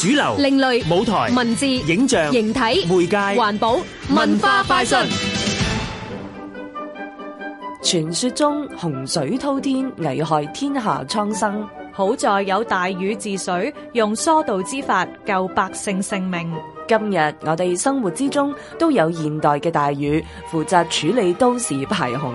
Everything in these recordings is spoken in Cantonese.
主流、另類舞台、文字、影像、形體、媒介、環保、文化、快訊。傳說中洪水滔天，危害天下蒼生。好在有大禹治水，用疏導之法救百姓性命。今日我哋生活之中都有現代嘅大禹，負責處理都市排洪。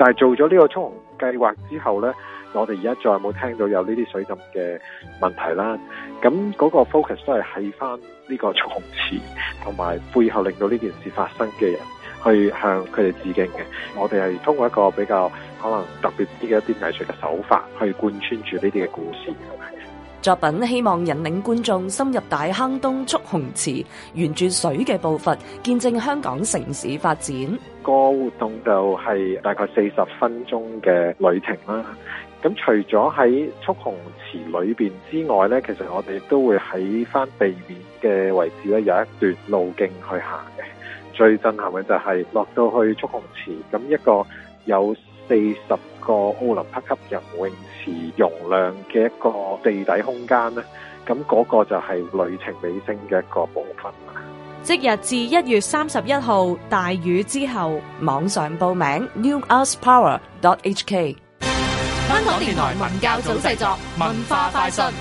但係做咗呢個蓄洪計劃之後呢，我哋而家再冇聽到有呢啲水浸嘅問題啦。咁嗰個 focus 都係喺翻呢個蓄洪池，同埋背後令到呢件事發生嘅人，去向佢哋致敬嘅。我哋係通過一個比較可能特別啲嘅一啲藝術嘅手法，去貫穿住呢啲嘅故事。作品希望引領觀眾深入大坑東蓄洪池，沿住水嘅步伐見證香港城市發展。個活動就係大概四十分鐘嘅旅程啦。咁除咗喺蓄洪池裏邊之外咧，其實我哋都會喺翻地面嘅位置咧有一段路徑去行嘅。最震撼嘅就係落到去蓄洪池，咁一個有。四十個奧林匹克級游泳池容量嘅一個地底空間咧，咁、那、嗰個就係旅程尾聲嘅一個部分啦。即日至一月三十一號大雨之後，網上報名 newuspower.hk。香港電台文教組製作，文化快訊。